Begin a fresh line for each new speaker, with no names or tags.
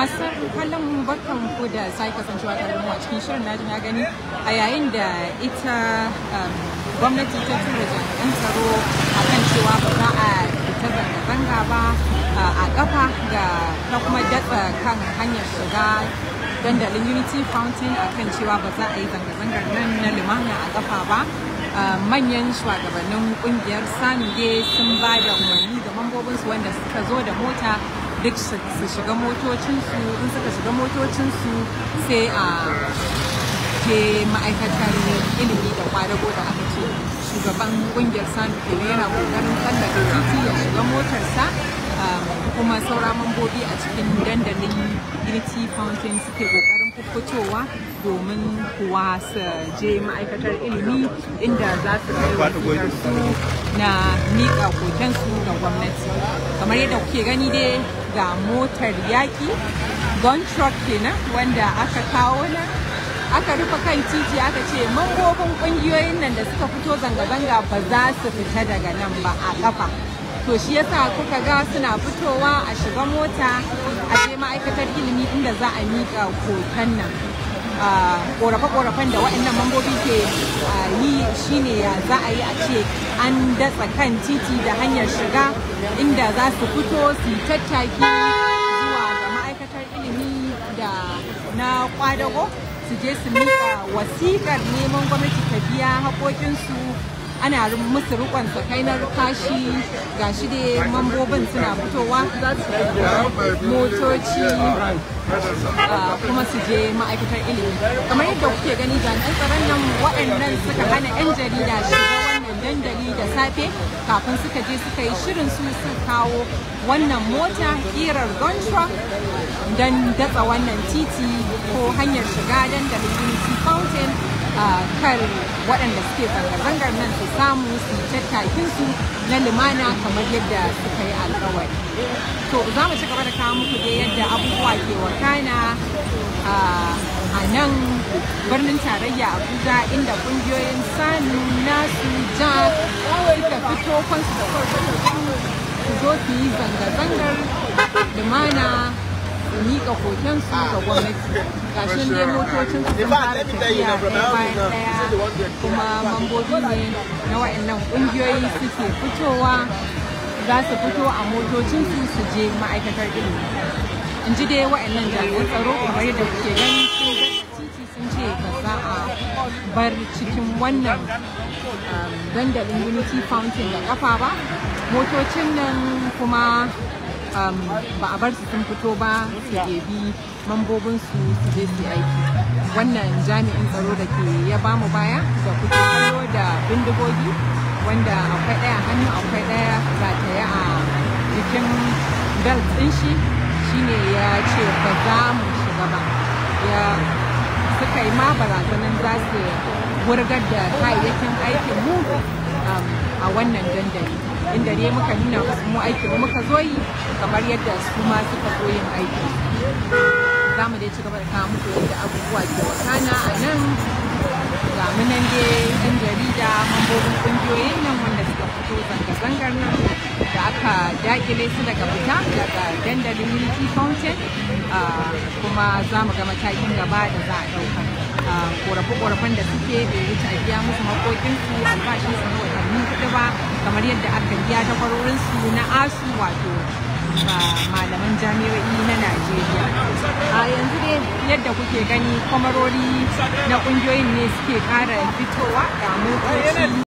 masu kallon barkan ku da sai kasancewa tare mu a cikin shirin na na gani a yayin da ita um, gwamnati ta tura jami'an tsaro a kan cewa ba za a fita zanga-zanga ba a kafa da ta kuma datsa kan hanyar shiga dandalin unity fountain a kan cewa ba za a yi zanga-zangar nan na lumana a kafa ba manyan shugabannin kungiyar sanige sun ba da umarni ga mambobinsu wanda suka zo da mota duk su shiga motocinsu in suka shiga motocinsu sai a ke ma'aikatar ilimi da kwadago da aka ce shugaban kungiyar sanu ke yana kokarin tallata titi ya shiga motarsa Um, kuma sauran mambobi a cikin dandalin unity fountain suke kokarin fitowa domin kuwa su je ma'aikatar ilimi inda za su rayu su na miƙa su ga gwamnati kamar yadda kuke gani dai ga motar yaƙi gun truck kenan wanda aka kawo nan aka rufe kan titi aka ce mambobin ƙungiyoyin nan da suka fito zanga-zanga ba za su fita daga nan ba a ƙafa to shi yasa kuka ga suna fitowa a shiga mota a je ma'aikatar ilimi inda za a miƙa kokan nan korafe-korafen da waɗannan mambobi ke yi shine za a yi a ce an datsa kan titi da hanyar shiga inda za su fito su tattaki zuwa ma'aikatar ilimi da na kwadago su je su miƙa wasiƙar neman gwamnati ta biya haƙoƙinsu ana musu rukon kai na kashi shi dai mambobin suna fitowa motoci ah, kuma su je ma'aikatar ilimi kamar yadda kuke gani jami'an tsaron nan waɗannan suka hana 'yan jarida shiga wannan dandali da safe kafin suka je suka yi shirin su su kawo wannan mota kirar gontra don datsa wannan titi ko hanyar shiga dandalin dukkan waɗanda suke zanga-zangar nan su samu su tattakin su na limana kamar yadda suka yi alkawari to za mu ci gaba da kawo muku dai yadda abubuwa ke wakana a nan birnin tarayya abuja inda ƙungiyoyin sanu nasu ja suka fito kwansu da kwarfafa su zo su yi zanga-zangar limana su miƙa kokensu ga gwamnati gashin dai motocin su fara tafiya ɗaya bayan ɗaya kuma mambobi ne na waɗannan ƙungiyoyi suke fitowa za su fito a motocinsu su je ma'aikatar ilimi in ji dai waɗannan jami'an tsaro kamar yadda kuke gani sun titi sun ce ba za a bar cikin wannan um, dandalin unity fountain da kafa ba motocin nan kuma Um, ba a bar su sun fito ba su bi mambobin su su je su aiki wannan jami'in tsaro da ke ya ba mu baya da kuke kallo da bindigogi wanda akwai ɗaya hannu akwai ɗaya yi a jikin belt din shi shine ya ce ba za mu shiga ba ya suka yi ma barazanin za su wurgar da kayayyakin aikin mu um, a wannan dandali inda dai muka nuna musu mu aiki mu muka zo yi kamar yadda su ma suka zo yin aiki za mu dai ci gaba da kawo muku yadda abubuwa ke wakana a nan ga mu nan dai yan jarida mambobin kungiyoyin nan wanda suka fito zanga-zangar nan da aka dakile su daga fita daga dandalin unity fountain ah, kuma za mu ga matakin gaba da za a ɗauka korafe-korafen ah, da suke bai wuce a biya musu makokinsu albashinsu kamar yadda aka biya ta su na asu wato ba malaman jami'o'i na najeriya a yanzu dai yadda kuke gani kwamarori na kungiyoyin ne suke ƙara fitowa da motoci